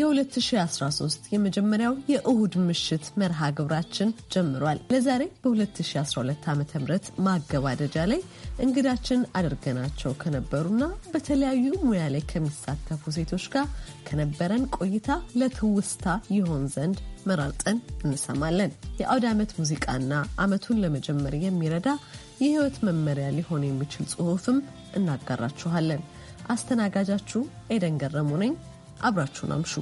የ2013 የመጀመሪያው የእሁድ ምሽት መርሃ ግብራችን ጀምሯል። ለዛሬ በ2012 ዓ ም ማገባደጃ ላይ እንግዳችን አድርገናቸው ከነበሩና በተለያዩ ሙያ ላይ ከሚሳተፉ ሴቶች ጋር ከነበረን ቆይታ ለትውስታ ይሆን ዘንድ መራርጠን እንሰማለን። የአውድ ዓመት ሙዚቃና ዓመቱን ለመጀመር የሚረዳ የህይወት መመሪያ ሊሆን የሚችል ጽሑፍም እናጋራችኋለን። አስተናጋጃችሁ ኤደን ገረሙ ነኝ። አብራችሁን አምሹ።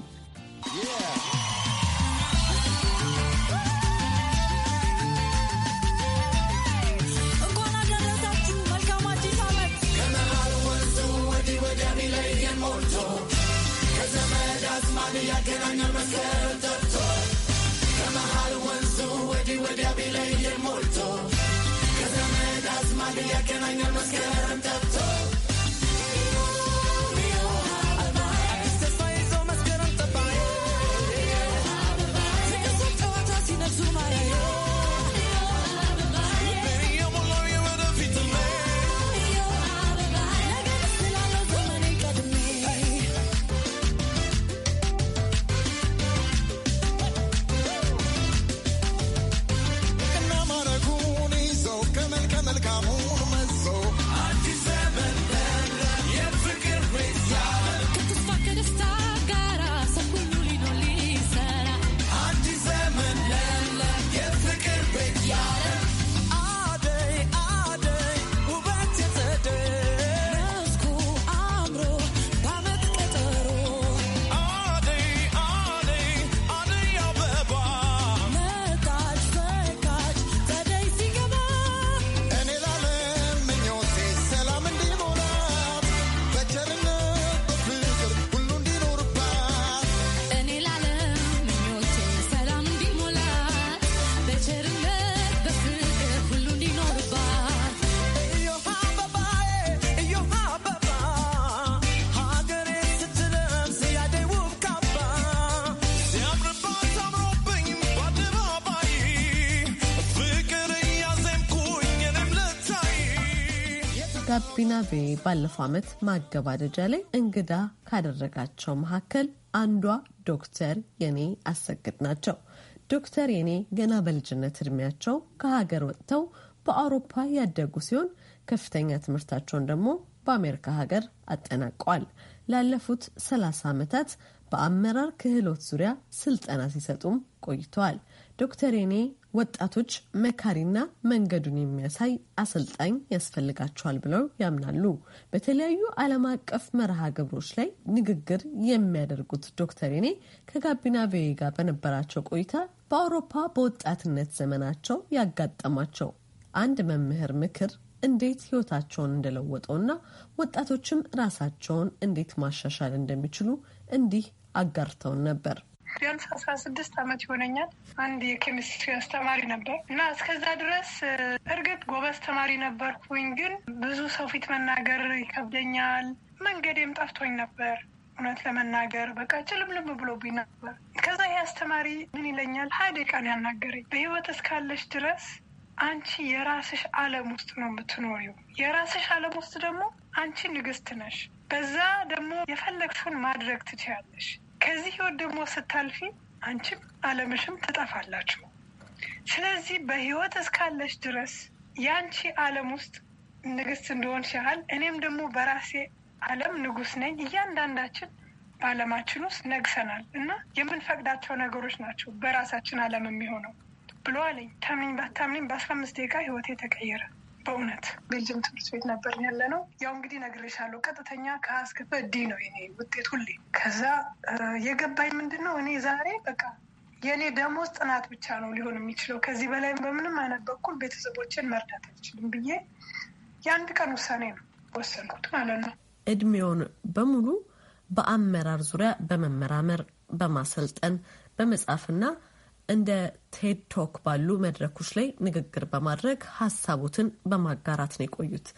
Can I ጋቢና ቬ ባለፈው ዓመት ማገባደጃ ላይ እንግዳ ካደረጋቸው መካከል አንዷ ዶክተር የኔ አሰግድ ናቸው። ዶክተር የኔ ገና በልጅነት እድሜያቸው ከሀገር ወጥተው በአውሮፓ ያደጉ ሲሆን ከፍተኛ ትምህርታቸውን ደግሞ በአሜሪካ ሀገር አጠናቀዋል። ላለፉት 30 ዓመታት በአመራር ክህሎት ዙሪያ ስልጠና ሲሰጡም ቆይተዋል። ዶክተር የኔ ወጣቶች መካሪና መንገዱን የሚያሳይ አሰልጣኝ ያስፈልጋቸዋል ብለው ያምናሉ። በተለያዩ ዓለም አቀፍ መርሃ ግብሮች ላይ ንግግር የሚያደርጉት ዶክተር ኔ ከጋቢና ቪኦኤ ጋር በነበራቸው ቆይታ በአውሮፓ በወጣትነት ዘመናቸው ያጋጠማቸው አንድ መምህር ምክር እንዴት ህይወታቸውን እንደለወጠውና ወጣቶችም ራሳቸውን እንዴት ማሻሻል እንደሚችሉ እንዲህ አጋርተውን ነበር። ቢያንስ አስራ ስድስት ዓመት ይሆነኛል። አንድ የኬሚስትሪ አስተማሪ ነበር እና እስከዛ ድረስ እርግጥ ጎበዝ ተማሪ ነበርኩኝ፣ ግን ብዙ ሰው ፊት መናገር ይከብደኛል። መንገዴም ጠፍቶኝ ነበር እውነት ለመናገር በቃ ጭልምልም ብሎብኝ ነበር። ከዛ ይህ አስተማሪ ምን ይለኛል፣ ሀ ደቂቃ ያናገረኝ። በህይወት እስካለሽ ድረስ አንቺ የራስሽ አለም ውስጥ ነው የምትኖሪው። የራስሽ አለም ውስጥ ደግሞ አንቺ ንግስት ነሽ። በዛ ደግሞ የፈለግሽውን ማድረግ ትችያለሽ። ከዚህ ህይወት ደግሞ ስታልፊ አንቺም አለምሽም ትጠፋላችሁ። ስለዚህ በህይወት እስካለች ድረስ የአንቺ አለም ውስጥ ንግስት እንደሆንሽ ያህል እኔም ደግሞ በራሴ አለም ንጉስ ነኝ። እያንዳንዳችን በአለማችን ውስጥ ነግሰናል እና የምንፈቅዳቸው ነገሮች ናቸው በራሳችን አለም የሚሆነው ብሎ አለኝ። ታምኝ ባታምኒኝ በአስራ አምስት ደቂቃ ህይወቴ ተቀየረ። በእውነት ቤልጅም ትምህርት ቤት ነበር ያለ ነው። ያው እንግዲህ ነግሬሻለሁ፣ ቀጥተኛ ከአስክፈ ዲ ነው የኔ ውጤት ሁሌ። ከዛ የገባኝ ምንድን ነው እኔ ዛሬ በቃ የእኔ ደሞዝ ጥናት ብቻ ነው ሊሆን የሚችለው። ከዚህ በላይም በምንም አይነት በኩል ቤተሰቦችን መርዳት አልችልም ብዬ የአንድ ቀን ውሳኔ ነው ወሰንኩት ማለት ነው። እድሜውን በሙሉ በአመራር ዙሪያ በመመራመር በማሰልጠን በመጻፍና እንደ ቴድ ቶክ ባሉ መድረኮች ላይ ንግግር በማድረግ ሀሳቦትን በማጋራት ነው የቆዩት።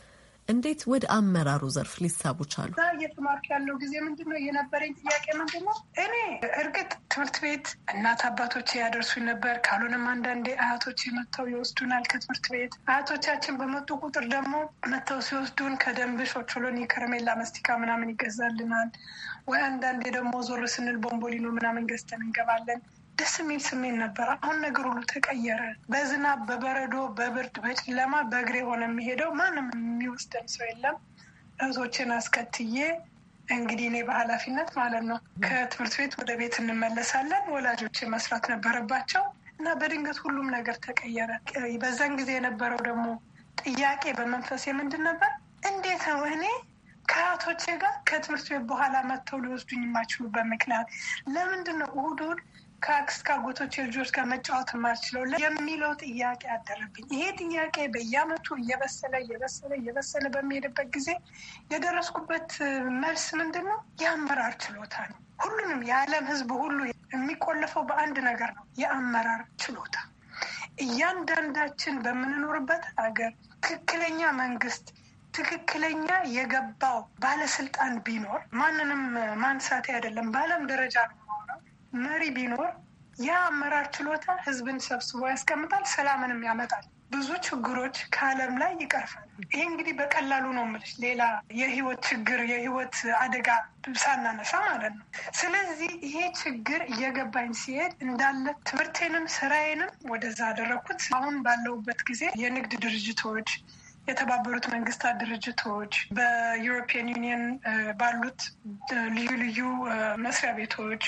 እንዴት ወደ አመራሩ ዘርፍ ሊሳቡ ቻሉ? እየተማርክ ያለው ጊዜ ምንድን ነው የነበረኝ ጥያቄ ምንድን ነው፣ እኔ እርግጥ ትምህርት ቤት እናት አባቶቼ ያደርሱኝ ነበር፣ ካልሆነም አንዳንዴ አያቶቼ መጥተው ይወስዱናል ከትምህርት ቤት። አያቶቻችን በመጡ ቁጥር ደግሞ መጥተው ሲወስዱን ከደንብ ሾቾሎኒ፣ ከረሜላ፣ መስቲካ ምናምን ይገዛልናል ወይ አንዳንዴ ደግሞ ዞር ስንል ቦምቦሊኖ ምናምን ገዝተን እንገባለን። ደስ የሚል ስሜት ነበር። አሁን ነገር ሁሉ ተቀየረ። በዝናብ በበረዶ በብርድ በጨለማ በእግሬ ሆነ የሚሄደው ማንም የሚወስደን ሰው የለም። እህቶችን አስከትዬ እንግዲህ እኔ በኃላፊነት ማለት ነው ከትምህርት ቤት ወደ ቤት እንመለሳለን። ወላጆች መስራት ነበረባቸው እና በድንገት ሁሉም ነገር ተቀየረ። በዛን ጊዜ የነበረው ደግሞ ጥያቄ በመንፈስ የምንድን ነበር? እንዴት ነው እኔ ከአያቶቼ ጋር ከትምህርት ቤት በኋላ መጥተው ሊወስዱኝ የማይችሉበት ምክንያት ለምንድን ነው? እሑድ እሑድ ከአክስት ካጎቶች ልጆች ጋር መጫወት የማልችለው የሚለው ጥያቄ አደረብኝ። ይሄ ጥያቄ በየአመቱ እየበሰለ እየበሰለ እየበሰለ በሚሄድበት ጊዜ የደረስኩበት መልስ ምንድን ነው? የአመራር ችሎታ ነው። ሁሉንም የዓለም ህዝብ ሁሉ የሚቆለፈው በአንድ ነገር ነው፣ የአመራር ችሎታ። እያንዳንዳችን በምንኖርበት ሀገር ትክክለኛ መንግስት ትክክለኛ የገባው ባለስልጣን ቢኖር ማንንም ማንሳቴ አይደለም፣ በአለም ደረጃ ነው መሪ ቢኖር ያ አመራር ችሎታ ህዝብን ሰብስቦ ያስቀምጣል፣ ሰላምንም ያመጣል፣ ብዙ ችግሮች ከዓለም ላይ ይቀርፋል። ይሄ እንግዲህ በቀላሉ ነው የምልሽ፣ ሌላ የህይወት ችግር የህይወት አደጋ ሳናነሳ ማለት ነው። ስለዚህ ይሄ ችግር እየገባኝ ሲሄድ እንዳለ ትምህርቴንም ስራዬንም ወደዛ አደረግኩት። አሁን ባለሁበት ጊዜ የንግድ ድርጅቶች የተባበሩት መንግስታት ድርጅቶች በዩሮፒያን ዩኒየን ባሉት ልዩ ልዩ መስሪያ ቤቶች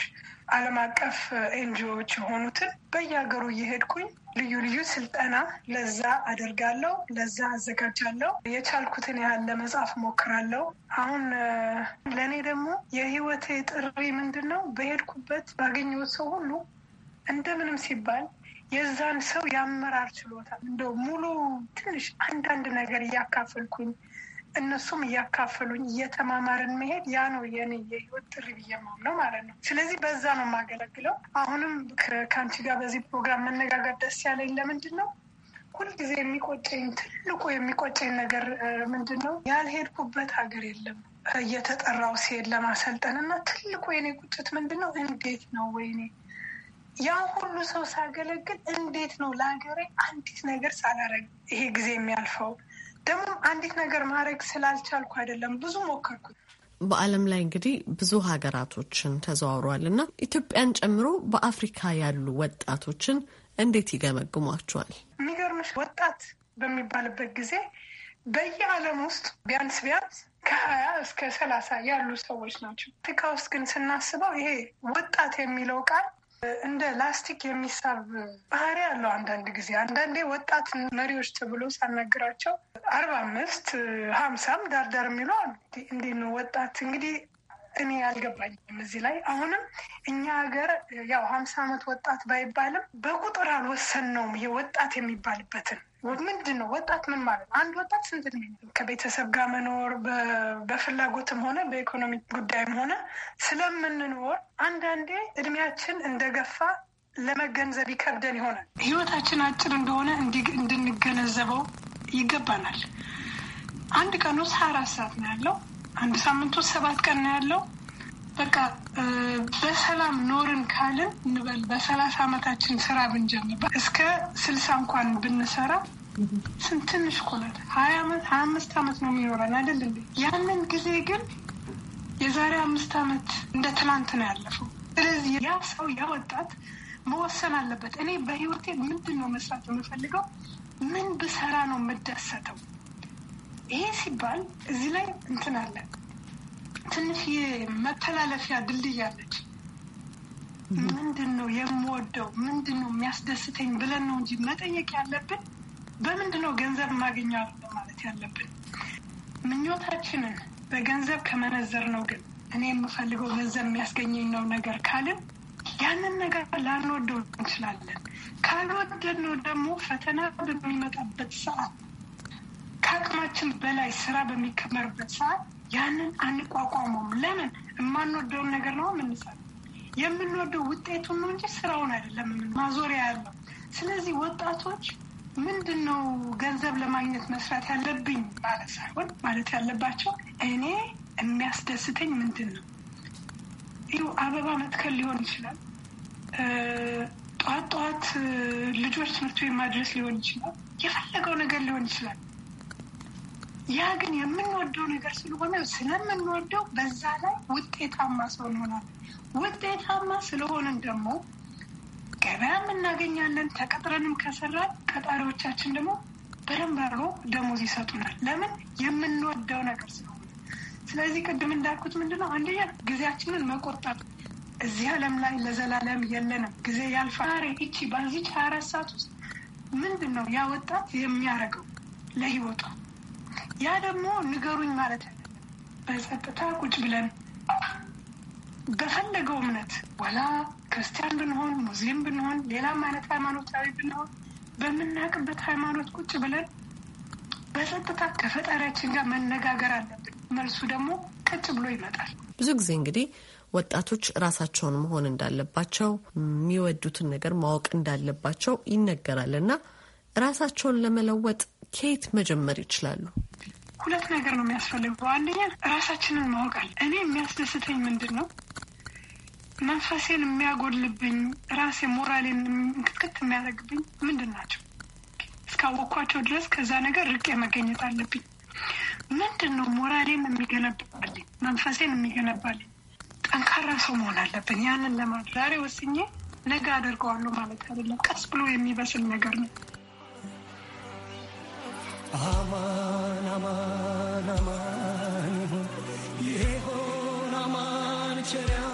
ዓለም አቀፍ ኤንጂኦዎች የሆኑትን በየሀገሩ እየሄድኩኝ ልዩ ልዩ ስልጠና ለዛ አደርጋለሁ፣ ለዛ አዘጋጃለሁ። የቻልኩትን ያህል ለመጻፍ ሞክራለሁ። አሁን ለእኔ ደግሞ የህይወቴ ጥሪ ምንድን ነው? በሄድኩበት ባገኘሁት ሰው ሁሉ እንደምንም ሲባል የዛን ሰው የአመራር ችሎታ እንደው ሙሉ ትንሽ አንዳንድ ነገር እያካፈልኩኝ እነሱም እያካፈሉኝ እየተማማርን መሄድ ያ ነው የኔ የህይወት ጥሪ ብዬ ማምነው ማለት ነው። ስለዚህ በዛ ነው የማገለግለው። አሁንም ከአንቺ ጋር በዚህ ፕሮግራም መነጋገር ደስ ያለኝ ለምንድን ነው? ሁልጊዜ የሚቆጨኝ ትልቁ የሚቆጨኝ ነገር ምንድን ነው? ያልሄድኩበት ሀገር የለም እየተጠራው ሲሄድ ለማሰልጠን እና ትልቁ የኔ ቁጭት ምንድን ነው? እንዴት ነው ወይኔ ያ ሁሉ ሰው ሳገለግል እንዴት ነው ለሀገሬ አንዲት ነገር ሳላረግ ይሄ ጊዜ የሚያልፈው? ደግሞ አንዲት ነገር ማድረግ ስላልቻልኩ አይደለም፣ ብዙ ሞከርኩ። በዓለም ላይ እንግዲህ ብዙ ሀገራቶችን ተዘዋውሯል እና ኢትዮጵያን ጨምሮ በአፍሪካ ያሉ ወጣቶችን እንዴት ይገመግሟቸዋል? የሚገርምሽ ወጣት በሚባልበት ጊዜ በየዓለም ውስጥ ቢያንስ ቢያንስ ከሀያ እስከ ሰላሳ ያሉ ሰዎች ናቸው። አፍሪካ ውስጥ ግን ስናስበው ይሄ ወጣት የሚለው ቃል እንደ ላስቲክ የሚሳብ ባህሪ አለው። አንዳንድ ጊዜ አንዳንዴ ወጣት መሪዎች ተብሎ ሳናግራቸው አርባ አምስት ሀምሳም ዳርዳር የሚሉ አሉ። እንዴት ነው ወጣት እንግዲህ እኔ አልገባኝም እዚህ ላይ አሁንም እኛ ሀገር ያው ሀምሳ ዓመት ወጣት ባይባልም በቁጥር አልወሰን ነውም ወጣት የሚባልበትን ምንድን ነው ወጣት ምን ማለት አንድ ወጣት ስንት ከቤተሰብ ጋር መኖር በፍላጎትም ሆነ በኢኮኖሚ ጉዳይም ሆነ ስለምንኖር አንዳንዴ እድሜያችን እንደገፋ ለመገንዘብ ይከብደን ይሆናል። ህይወታችን አጭር እንደሆነ እንድንገነዘበው ይገባናል። አንድ ቀን ውስጥ ሀያ አራት ሰዓት ነው ያለው። አንድ ሳምንት ውስጥ ሰባት ቀን ነው ያለው። በቃ በሰላም ኖርን ካልን እንበል በሰላሳ ዓመታችን ስራ ብንጀምር እስከ ስልሳ እንኳን ብንሰራ ትንሽ እኮ ናት። ሀያ አምስት ነው የሚኖረን አይደል? ያንን ጊዜ ግን የዛሬ አምስት አመት እንደ ትናንት ነው ያለፈው። ስለዚህ ያ ሰው ያ ወጣት መወሰን አለበት። እኔ በህይወቴ ምንድን ነው መስራት የምፈልገው? ምን ብሰራ ነው የምደሰተው? ይሄ ሲባል እዚህ ላይ እንትን አለን ትንሽ መተላለፊያ ድልድይ አለች። ምንድን ነው የምወደው፣ ምንድን ነው የሚያስደስተኝ ብለን ነው እንጂ መጠየቅ ያለብን በምንድን ነው ገንዘብ የማገኘው ማለት ያለብን። ምኞታችንን በገንዘብ ከመነዘር ነው። ግን እኔ የምፈልገው ገንዘብ የሚያስገኘኝ ነው ነገር ካልን ያንን ነገር ላንወደው እንችላለን። ካልወደድነው ደግሞ ፈተና በሚመጣበት ሰዓት ከአቅማችን በላይ ስራ በሚከመርበት ሰዓት ያንን አንቋቋመውም። ለምን የማንወደውን ነገር ነው የምንሰራው። የምንወደው ውጤቱን ነው እንጂ ስራውን አይደለም ማዞሪያ ያለው። ስለዚህ ወጣቶች ምንድን ነው ገንዘብ ለማግኘት መስራት ያለብኝ ማለት ሳይሆን ማለት ያለባቸው እኔ የሚያስደስተኝ ምንድን ነው። ይኸው አበባ መትከል ሊሆን ይችላል። ጠዋት ጠዋት ልጆች ትምህርት ቤት ማድረስ ሊሆን ይችላል። የፈለገው ነገር ሊሆን ይችላል። ያ ግን የምንወደው ነገር ስለሆነ ስለምንወደው በዛ ላይ ውጤታማ ሰው እንሆናለን። ውጤታማ ስለሆንን ደግሞ ገበያም እናገኛለን። ተቀጥረንም ከሰራን ቀጣሪዎቻችን ደግሞ በደንብ ደሞዝ ይሰጡናል። ለምን የምንወደው ነገር ስለሆነ። ስለዚህ ቅድም እንዳልኩት ምንድነው አንደኛ ጊዜያችንን መቆጠብ እዚህ ዓለም ላይ ለዘላለም የለንም። ጊዜ ያልፋሬ እቺ በዚች ሀያ አራት ሰዓት ውስጥ ምንድን ነው ያ ወጣት የሚያደርገው ለህይወቷ ያ ደግሞ ንገሩኝ ማለት በጸጥታ ቁጭ ብለን በፈለገው እምነት ወላ ክርስቲያን ብንሆን ሙስሊም ብንሆን ሌላም አይነት ሃይማኖታዊ ብንሆን በምናውቅበት ሃይማኖት ቁጭ ብለን በጸጥታ ከፈጣሪያችን ጋር መነጋገር አለብን። መልሱ ደግሞ ቀጭ ብሎ ይመጣል። ብዙ ጊዜ እንግዲህ ወጣቶች ራሳቸውን መሆን እንዳለባቸው የሚወዱትን ነገር ማወቅ እንዳለባቸው ይነገራል እና ራሳቸውን ለመለወጥ ከየት መጀመር ይችላሉ? ሁለት ነገር ነው የሚያስፈልገው። አንደኛ ራሳችንን ማወቃል። እኔ የሚያስደስተኝ ምንድን ነው? መንፈሴን የሚያጎልብኝ ራሴ ሞራሌን እንክትክት የሚያደርግብኝ ምንድን ናቸው? እስካወቅኳቸው ድረስ ከዛ ነገር ርቄ መገኘት አለብኝ። ምንድን ነው ሞራሌን የሚገነባልኝ መንፈሴን የሚገነባልኝ? ጠንካራ ሰው መሆን አለብን። ያንን ለማ ዛሬ ወስኜ ነገ አደርገዋለሁ ማለት አይደለም። ቀስ ብሎ የሚበስል ነገር ነው። አማን አማን አማን ይሆን ይሆን አማን ቸሪያ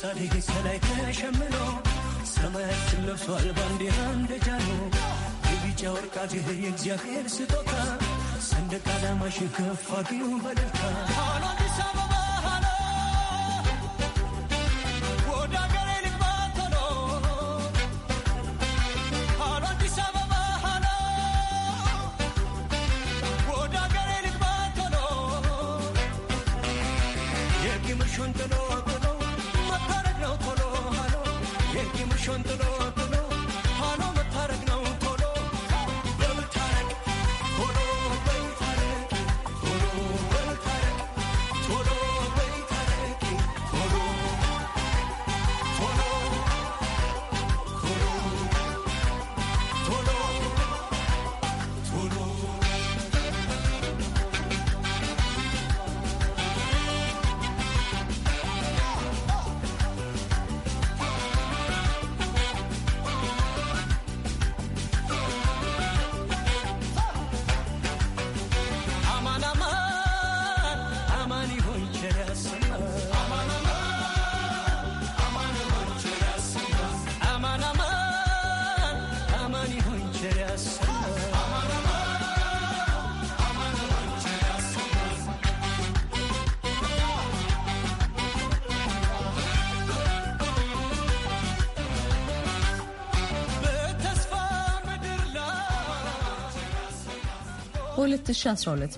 ጻድቅ ከላይ ተሸምኖ ሰማያችን ለብሷል ባንዲራ እንደ ጃኖ የቢጫ ወርቃት የእግዚአብሔር ስጦታ ሰንደቅ ዓላማሽ ከፍ አድርጊው በደስታ በ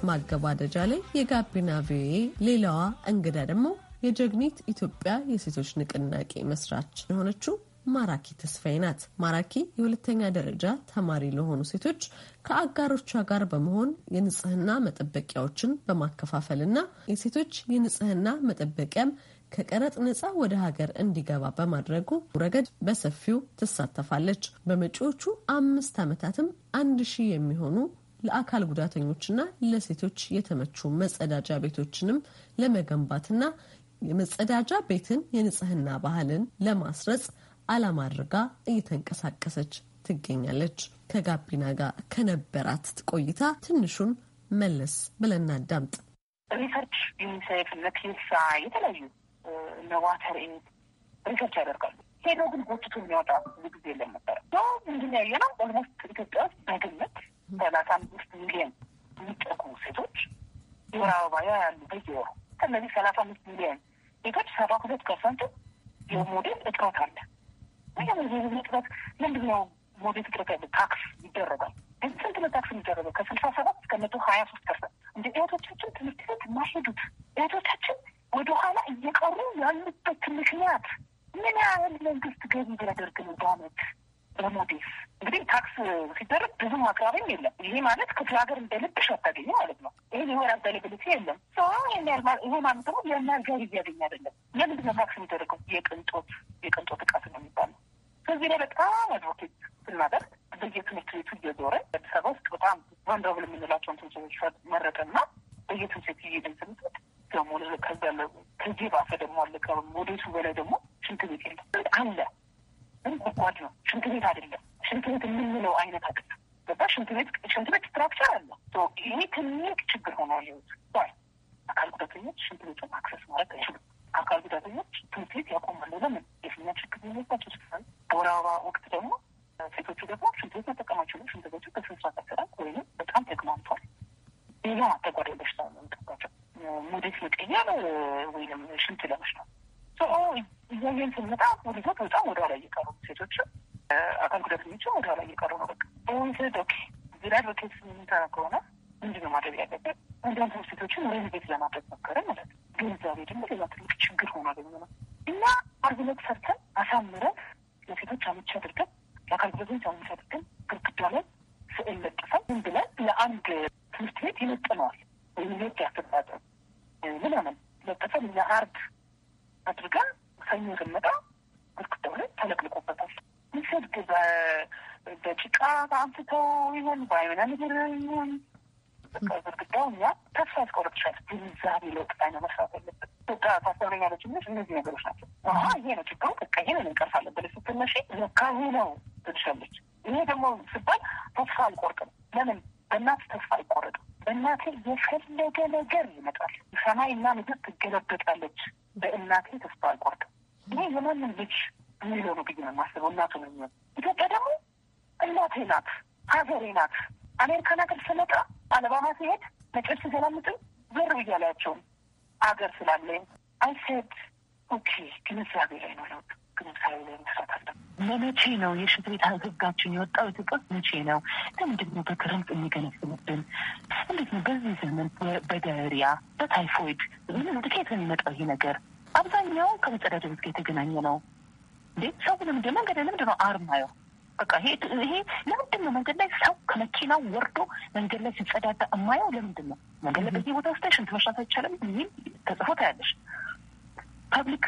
ማገባደጃ ላይ የጋቢና ቪኦኤ ሌላዋ እንግዳ ደግሞ የጀግኒት ኢትዮጵያ የሴቶች ንቅናቄ መስራች የሆነችው ማራኪ ተስፋዬ ናት። ማራኪ የሁለተኛ ደረጃ ተማሪ ለሆኑ ሴቶች ከአጋሮቿ ጋር በመሆን የንጽህና መጠበቂያዎችን በማከፋፈልና የሴቶች የንጽህና መጠበቂያም ከቀረጥ ነጻ ወደ ሀገር እንዲገባ በማድረጉ ረገድ በሰፊው ትሳተፋለች። በመጪዎቹ አምስት ዓመታትም አንድ ሺህ የሚሆኑ ለአካል ጉዳተኞችና ለሴቶች የተመቹ መጸዳጃ ቤቶችንም ለመገንባትና የመጸዳጃ ቤትን የንጽህና ባህልን ለማስረጽ ዓላማ አድርጋ እየተንቀሳቀሰች ትገኛለች። ከጋቢና ጋር ከነበራት ቆይታ ትንሹን መለስ ብለን እናዳምጥ። ሪሰርች ዩኒሴፍ፣ ለፒንሳ የተለያዩ ኤድ ሪሰርች ያደርጋሉ። ሄዶ ግን ጎትቶ የሚያወጣ ብዙ ጊዜ የለም ነበረ ምንድን ያየ ነው ኦልሞስት ኢትዮጵያ ውስጥ በግምት ሰላሳ አምስት ሚሊዮን የሚጠጉ ሴቶች የወር አበባ ያሉ በየወሩ። ከእነዚህ ሰላሳ አምስት ሚሊዮን ሴቶች ሰባ ሁለት ፐርሰንቱ የሞዴል እጥረት አለ። ይህም የህዝብ እጥረት ምንድን ነው? ሞዴል እጥረት ያለ ታክስ ይደረጋል። ግን ስንት ነው ታክስ የሚደረገው? ከስልሳ ሰባት እስከ መቶ ሀያ ሶስት ፐርሰንት እንደ እህቶቻችን ትምህርት ቤት የማይሄዱት እህቶቻችን ወደኋላ እየቀሩ ያሉበት ምክንያት ምን ያህል መንግስት ገቢ ቢያደርግን በአመት ለሞዴስ እንግዲህ ታክስ ሲደረግ ብዙ አቅራቢም የለም። ይሄ ማለት ክፍለ ሀገር እንደልብሽ ልብሽ አታገኝ ማለት ነው። ይሄ የወር አቬይላብሊቲ የለም። ይሄ ማለት ደግሞ የእናት ገቢ እያገኝ አይደለም። ለምንድን ነው ታክስ የሚደረገው? የቅንጦት የቅንጦት እቃት ነው የሚባለው። ከዚህ ላይ በጣም አድቮኬት ስናደርግ በየትምህርት ቤቱ እየዞረ አዲስ አበባ ውስጥ በጣም ቫንድራብል የምንላቸውን ትምህርቶች መረጠና በየትምህርት ቤቱ እየሄድን ስንሰጥ ደግሞ ከዚ ከዚህ ባሰ ደግሞ አለቀ ሞዴሱ በላይ ደግሞ ሽንት ቤት የለም አለ ግን ነው፣ ሽንት ቤት አይደለም። ሽንት ቤት የምንለው አይነት አቅም ገባ ሽንት ቤት ሽንት ቤት ስትራክቸር አለ። ይሄ ትልቅ ችግር ሆኖ ሊወት አካል ጉዳተኞች ሽንት ቤቱን አክሰስ ማድረግ አይችሉም። አካል ጉዳተኞች ትምህርት ቤት ያቆማሉ። ለምን? የፊኛ ችግር የሚባቸው ስል በወር አበባ ወቅት ደግሞ ሴቶቹ ደግሞ ሽንት ቤት መጠቀም ሽንት ቤቱ በስንሳ ተሰራል ወይም በጣም ተግማምቷል። ሌላ አተጓዳይ በሽታ ነው የሚጠባቸው ሙዴት መቀየር ወይም ሽንት ለመሽናል እያየን ስንመጣ ወደዛት በጣም ወደ ላይ በቃ ግድግዳው እኛ ተስፋ ያስቆረጥሻል። ግንዛቤ ለውጥ ላይ ነው መስራት ያለበት። ኢትዮጵያ ታስተምረኛ ለች እነዚህ ነገሮች ናቸው። አሀ ይሄ ነው ችግሩ፣ በቃ ይህንን እንቀርፋለን ስትነሺ ለካ ነው ትልሻለች። ይሄ ደግሞ ስባል ተስፋ አልቆርጥም። ለምን በእናት ተስፋ አይቆረጥም? በእናቴ የፈለገ ነገር ይመጣል። ሰማይና ምድር ትገለበጣለች። በእናቴ ተስፋ አልቆርጥም። ይሄ የማንም ልጅ የሚለው ነው ብዬ ነው የማስበው። እናቱ ነው ኢትዮጵያ ደግሞ እናቴ ናት፣ ሀገሬ ናት አሜሪካን ሀገር ስመጣ አለባማ ሲሄድ መጨር ስሰላምጥም ዘር ብዬ አላያቸውም። አገር ስላለኝ አይሴድ ኦኬ ግንዛቤ ላይ ነው ለውጥ ግንዛቤ ላይ መስራት አለ። ለመቼ ነው የሽንት ቤት ህጋችን የወጣው? ኢትዮጵያ መቼ ነው? ለምንድን ነው በክረምት የሚገነፍንብን? እንዴት ነው በዚህ ዘመን በደሪያ በታይፎይድ ምን ከየት የሚመጣው ይህ ነገር? አብዛኛው ከመጸዳጃ ቤት ጋር የተገናኘ ነው። እንዴት ሰው ለምንድ መንገድ ለምንድን ነው አርማየው በቃ ይሄ ይሄ ለምንድን ነው መንገድ ላይ ሰው ከመኪናው ወርዶ መንገድ ላይ ሲጸዳዳ እማየው? ለምንድን ነው መንገድ ላይ በዚህ ቦታ ውስጥ ሽንት መሽናት አይቻልም የሚል ተጽፎ ታያለሽ። ፐብሊክ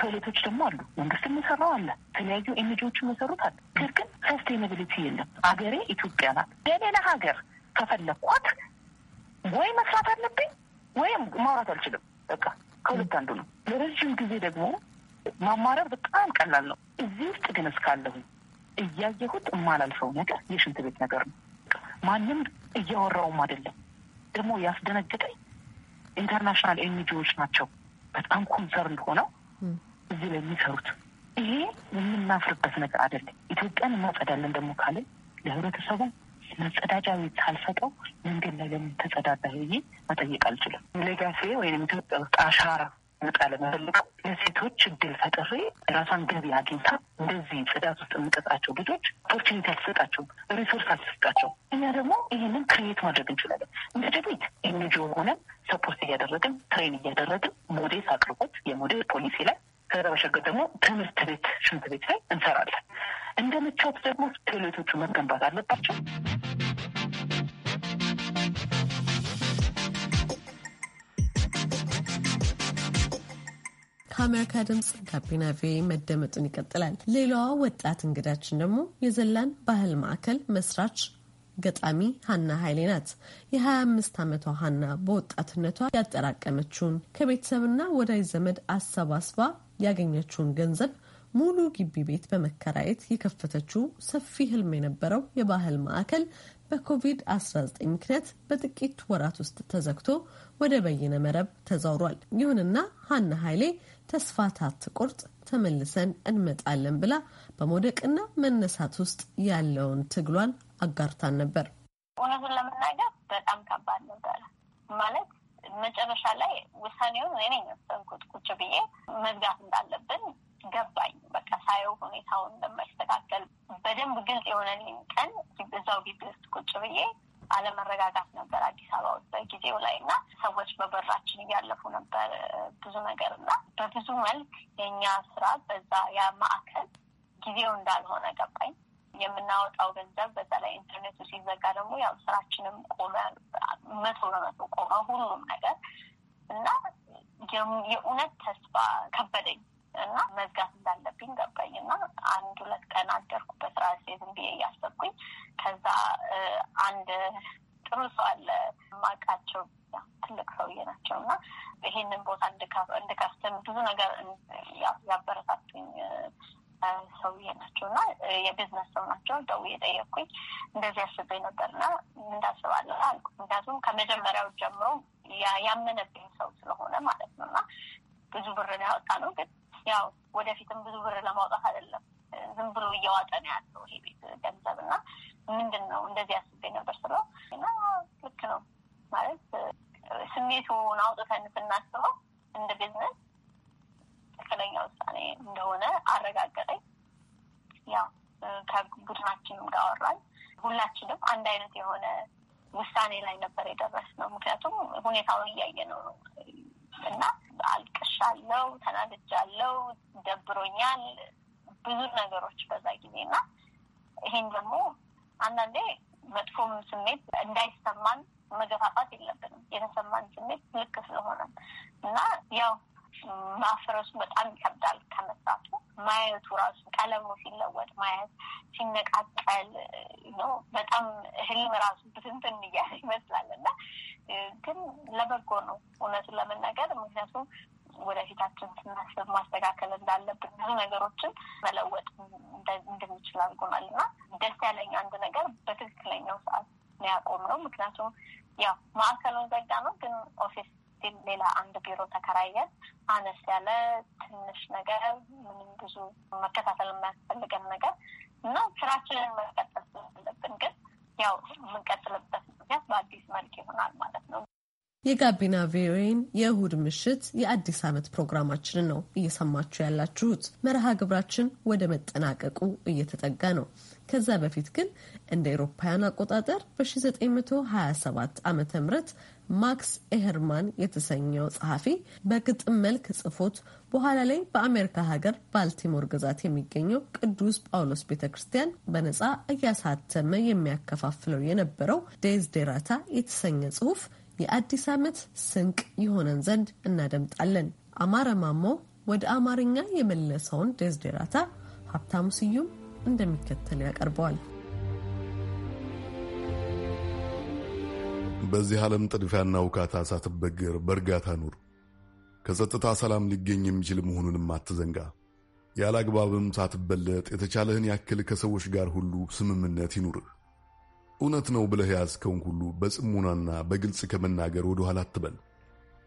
ቶይሌቶች ደግሞ አሉ። መንግስት የሚሰራው አለ፣ የተለያዩ ኤንጂዎች የሚሰሩት አለ። ነገር ግን ሰስቴናብሊቲ የለም። ሀገሬ ኢትዮጵያ ናት። የሌላ ሀገር ከፈለኳት ወይ መስራት አለብኝ ወይም ማውራት አልችልም። በቃ ከሁለት አንዱ ነው። ለረዥም ጊዜ ደግሞ ማማረር በጣም ቀላል ነው። እዚህ ውስጥ ግን እስካለሁኝ እያየሁት የማላልፈው ነገር የሽንት ቤት ነገር ነው። ማንም እያወራውም አይደለም። ደግሞ ያስደነገጠኝ ኢንተርናሽናል ኤንጂዎች ናቸው በጣም ኮንሰርን ሆነው እዚህ ላይ የሚሰሩት። ይሄ የምናፍርበት ነገር አይደለም። ኢትዮጵያን እናጸዳለን ደግሞ ካለን ለህብረተሰቡ መጸዳጃ ቤት ሳልሰጠው መንገድ ላይ ለምን ተጸዳዳ ብዬ መጠየቅ አልችልም። ሌጋሴ ወይም ኢትዮጵያ ውስጥ አሻራ መጣል የምፈልገው ለሴቶች እድል ፈጥሬ ራሷን ገቢ አግኝታ እንደዚህ ጽዳት ውስጥ የምቀጣቸው ልጆች ኦፖርቹኒቲ አልተሰጣቸው፣ ሪሶርስ አልተሰጣቸው። እኛ ደግሞ ይህንን ክሬት ማድረግ እንችላለን። እንደ ድቤት ኤንጂኦ ሆነን ሰፖርት እያደረግን ትሬን እያደረግን ሞዴስ አቅርቦት የሞዴል ፖሊሲ ላይ ከዛ በሸገር ደግሞ ትምህርት ቤት ሽንት ቤት ላይ እንሰራለን። እንደ ምቾት ደግሞ ቴሌቶቹ መገንባት አለባቸው። ከአሜሪካ ድምፅ ጋቢና ቪኦኤ መደመጡን ይቀጥላል። ሌላዋ ወጣት እንግዳችን ደግሞ የዘላን ባህል ማዕከል መስራች ገጣሚ ሀና ኃይሌ ናት። የ25 ዓመቷ ሀና በወጣትነቷ ያጠራቀመችውን ከቤተሰብና ወዳጅ ዘመድ አሰባስባ ያገኘችውን ገንዘብ ሙሉ ግቢ ቤት በመከራየት የከፈተችው ሰፊ ህልም የነበረው የባህል ማዕከል በኮቪድ-19 ምክንያት በጥቂት ወራት ውስጥ ተዘግቶ ወደ በይነ መረብ ተዛውሯል። ይሁንና ሀና ኃይሌ ተስፋ ሳትቆርጥ ተመልሰን እንመጣለን ብላ በመውደቅና መነሳት ውስጥ ያለውን ትግሏን አጋርታን ነበር። እውነቱን ለመናገር በጣም ከባድ ነበረ። ማለት መጨረሻ ላይ ውሳኔውን እኔ ነኝ ቁጭ ብዬ መዝጋት እንዳለብን ገባኝ። በቃ ሳየው ሁኔታው እንደማይስተካከል በደንብ ግልጽ የሆነልኝ ቀን እዛው ግቢ ውስጥ ቁጭ ብዬ አለመረጋጋት ነበር አዲስ አበባ ውስጥ በጊዜው ላይ እና ሰዎች በበራችን እያለፉ ነበር ብዙ ነገር እና በብዙ መልክ የእኛ ስራ በዛ ያ ማዕከል ጊዜው እንዳልሆነ ገባኝ። የምናወጣው ገንዘብ በዛ ላይ ኢንተርኔቱ ሲዘጋ ደግሞ ያው ስራችንም ቆመ፣ መቶ በመቶ ቆመ ሁሉም ነገር እና የእውነት ተስፋ ከበደኝ። እና መዝጋት እንዳለብኝ ገባኝ እና አንድ ሁለት ቀን አደርኩበት ራሴ ዝም ብዬ እያሰብኩኝ። ከዛ አንድ ጥሩ ሰው አለ ማቃቸው ትልቅ ሰውዬ ናቸው እና ይሄንን ቦታ እንድከፍትም ብዙ ነገር ያበረታቱኝ ሰውዬ ናቸው እና የቢዝነስ ሰው ናቸው። ደውዬ ጠየቅኩኝ። እንደዚህ ነበር ነበርና እንዳስባለ አልኩ። ምክንያቱም ከመጀመሪያው ጀምሮ ያመነብኝ ሰው ስለሆነ ማለት ነው እና ብዙ ብር ያወጣ ነው ግን ያው ወደፊትም ብዙ ብር ለማውጣት አይደለም ዝም ብሎ እየዋጠ ነው ያለው ይሄ ቤት ገንዘብ እና ምንድን ነው እንደዚህ አስቤ ነበር ስለው እና ልክ ነው ማለት ስሜቱን አውጥተን ስናስበው እንደ ቢዝነስ ትክክለኛ ውሳኔ እንደሆነ አረጋገጠኝ። ያው ከቡድናችንም ጋር አወራን። ሁላችንም አንድ አይነት የሆነ ውሳኔ ላይ ነበር የደረስነው። ምክንያቱም ሁኔታውን እያየ ነው እና አለው፣ ተናድጅ አለው፣ ደብሮኛል፣ ብዙ ነገሮች በዛ ጊዜ እና ይሄን ደግሞ አንዳንዴ መጥፎም ስሜት እንዳይሰማን መገፋፋት የለብንም። የተሰማን ስሜት ልክ ስለሆነ እና ያው ማፍረሱ በጣም ይከብዳል። ከመስራቱ ማየቱ ራሱ ቀለሙ ሲለወጥ ማየት ሲነቃቀል ነው በጣም ህልም ራሱ ብትንትን እያለ ይመስላል እና ግን ለበጎ ነው እውነቱን ለመናገር ምክንያቱም ወደፊታችን ስናስብ ማስተካከል እንዳለብን ብዙ ነገሮችን መለወጥ እንደሚችል አድርጎናል እና ደስ ያለኝ አንድ ነገር በትክክለኛው ሰዓት ነው ምክንያቱም ያው ማዕከሉን ዘጋ ነው ግን ኦፊስ ሌላ አንድ ቢሮ ተከራየን። አነስ ያለ ትንሽ ነገር ምንም ብዙ መከታተል የማያስፈልገን ነገር እና ስራችንን መቀጠል ስላለብን ግን ያው የምንቀጥልበት ምክንያት በአዲስ መልክ ይሆናል ማለት ነው። የጋቢና ቪኦኤን የእሁድ ምሽት የአዲስ ዓመት ፕሮግራማችንን ነው እየሰማችሁ ያላችሁት። መርሃ ግብራችን ወደ መጠናቀቁ እየተጠጋ ነው። ከዛ በፊት ግን እንደ ኤሮፓውያን አቆጣጠር በ1927 ዓ ም ማክስ ኤህርማን የተሰኘው ጸሐፊ በግጥም መልክ ጽፎት በኋላ ላይ በአሜሪካ ሀገር ባልቲሞር ግዛት የሚገኘው ቅዱስ ጳውሎስ ቤተ ክርስቲያን በነጻ እያሳተመ የሚያከፋፍለው የነበረው ዴዝዴራታ የተሰኘ ጽሁፍ የአዲስ ዓመት ስንቅ ይሆነን ዘንድ እናደምጣለን። አማረ ማሞ ወደ አማርኛ የመለሰውን ዴዝዴራታ ሀብታሙ ስዩም እንደሚከተል ያቀርበዋል። በዚህ ዓለም ጥድፊያና ውካታ ሳትበገር በእርጋታ ኑር። ከጸጥታ ሰላም ሊገኝ የሚችል መሆኑንም አትዘንጋ። ያለ አግባብም ሳትበለጥ የተቻለህን ያክል ከሰዎች ጋር ሁሉ ስምምነት ይኑርህ። እውነት ነው ብለህ ያዝከውን ሁሉ በጽሙናና በግልጽ ከመናገር ወደ ኋላ አትበል።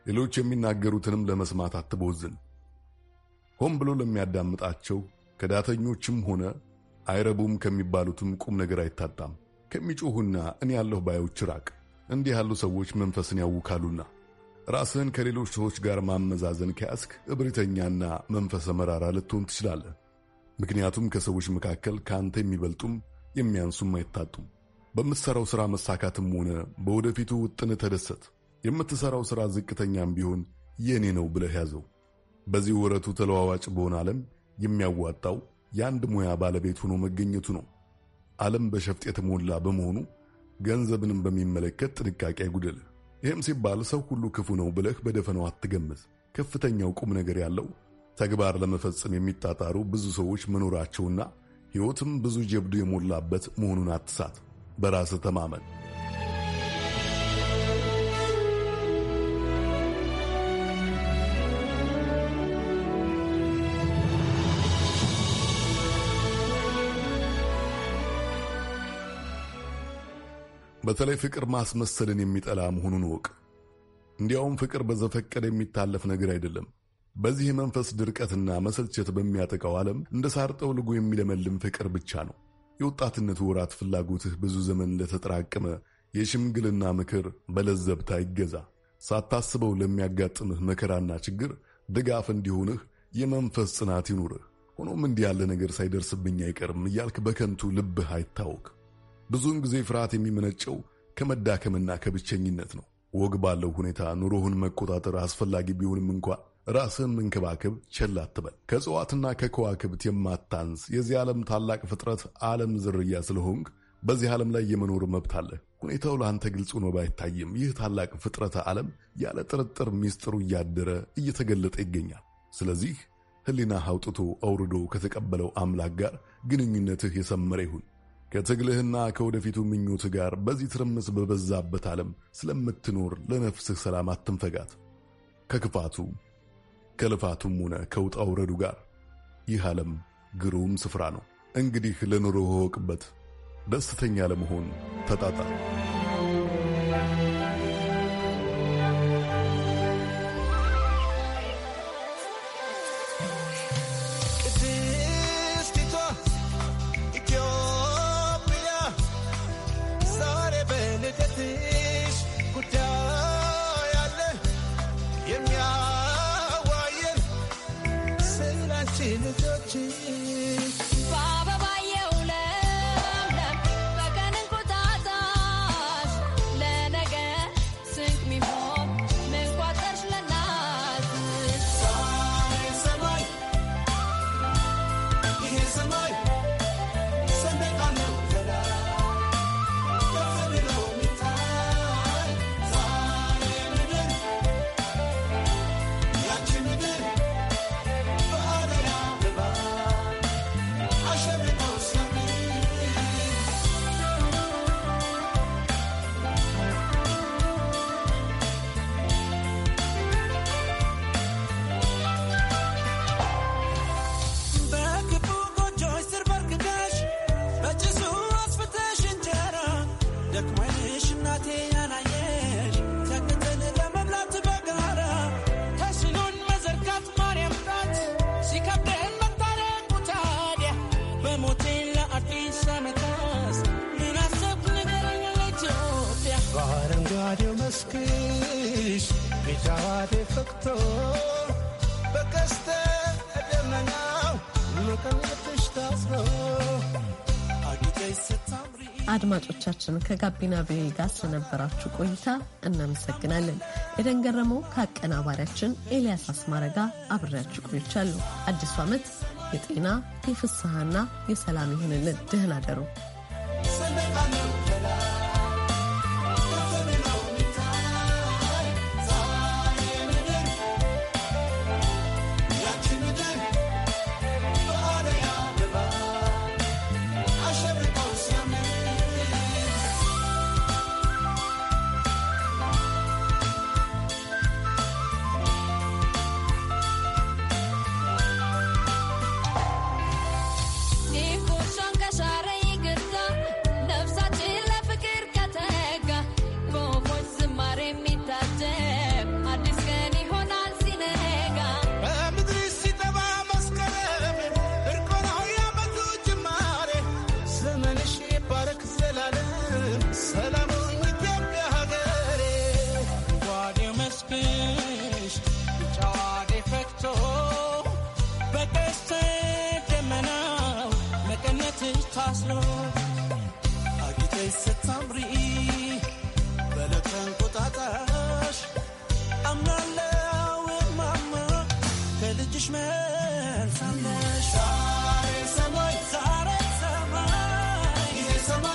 ሌሎች የሚናገሩትንም ለመስማት አትቦዝን። ሆን ብሎ ለሚያዳምጣቸው ከዳተኞችም ሆነ አይረቡም ከሚባሉትም ቁም ነገር አይታጣም። ከሚጮሁና እኔ ያለሁ ባዮች ራቅ። እንዲህ ያሉ ሰዎች መንፈስን ያውካሉና። ራስህን ከሌሎች ሰዎች ጋር ማመዛዘን ከያዝክ እብሪተኛና መንፈሰ መራራ ልትሆን ትችላለህ። ምክንያቱም ከሰዎች መካከል ከአንተ የሚበልጡም የሚያንሱም አይታጡም። በምትሠራው ሥራ መሳካትም ሆነ በወደፊቱ ውጥን ተደሰት። የምትሠራው ሥራ ዝቅተኛም ቢሆን የእኔ ነው ብለህ ያዘው። በዚህ ወረቱ ተለዋዋጭ በሆነ ዓለም የሚያዋጣው የአንድ ሙያ ባለቤት ሆኖ መገኘቱ ነው። ዓለም በሸፍጥ የተሞላ በመሆኑ ገንዘብንም በሚመለከት ጥንቃቄ አይጉደል። ይህም ሲባል ሰው ሁሉ ክፉ ነው ብለህ በደፈነው አትገምት። ከፍተኛው ቁም ነገር ያለው ተግባር ለመፈጸም የሚጣጣሩ ብዙ ሰዎች መኖራቸውና ሕይወትም ብዙ ጀብዱ የሞላበት መሆኑን አትሳት። በራስ ተማመን። በተለይ ፍቅር ማስመሰልን የሚጠላ መሆኑን እወቅ። እንዲያውም ፍቅር በዘፈቀደ የሚታለፍ ነገር አይደለም። በዚህ የመንፈስ ድርቀትና መሰልቸት በሚያጠቃው ዓለም እንደ ሳር ጠውልጎ የሚለመልም ፍቅር ብቻ ነው። የወጣትነት ወራት ፍላጎትህ ብዙ ዘመን ለተጠራቀመ የሽምግልና ምክር በለዘብታ ይገዛ። ሳታስበው ለሚያጋጥምህ መከራና ችግር ድጋፍ እንዲሆንህ የመንፈስ ጽናት ይኑርህ። ሆኖም እንዲህ ያለ ነገር ሳይደርስብኝ አይቀርም እያልክ በከንቱ ልብህ አይታወክ። ብዙውን ጊዜ ፍርሃት የሚመነጨው ከመዳከምና ከብቸኝነት ነው። ወግ ባለው ሁኔታ ኑሮህን መቆጣጠር አስፈላጊ ቢሆንም እንኳን ራስህን እንክባክብ፣ ችላ አትበል። ከእጽዋትና ከከዋክብት የማታንስ የዚህ ዓለም ታላቅ ፍጥረት ዓለም ዝርያ ስለሆንክ በዚህ ዓለም ላይ የመኖር መብት አለህ። ሁኔታው ለአንተ ግልጽ ሆኖ ባይታይም ይህ ታላቅ ፍጥረተ ዓለም ያለ ጥርጥር ሚስጥሩ እያደረ እየተገለጠ ይገኛል። ስለዚህ ህሊና አውጥቶ አውርዶ ከተቀበለው አምላክ ጋር ግንኙነትህ የሰመረ ይሁን። ከትግልህና ከወደፊቱ ምኞትህ ጋር በዚህ ትርምስ በበዛበት ዓለም ስለምትኖር ለነፍስህ ሰላም አትንፈጋት። ከክፋቱ ከልፋቱም ሆነ ከውጣ ውረዱ ጋር ይህ ዓለም ግሩም ስፍራ ነው። እንግዲህ ለኑሮ እወቅበት። ደስተኛ ለመሆን ተጣጣ። ፊትሽ ቢጫዋዴ ፈክቶ በቀስተ ደመናው መቀነትሽ ታስሮ አድማጮቻችን ከጋቢና ቪኦኤ ጋር ስለነበራችሁ ቆይታ እናመሰግናለን። ኤደን ገረመው ከአቀናባሪያችን ኤልያስ አስማረ ጋር አብሬያችሁ ቆይቻለሁ። አዲሱ ዓመት የጤና የፍስሐና የሰላም ይሆንልን። ደህና አደሩ።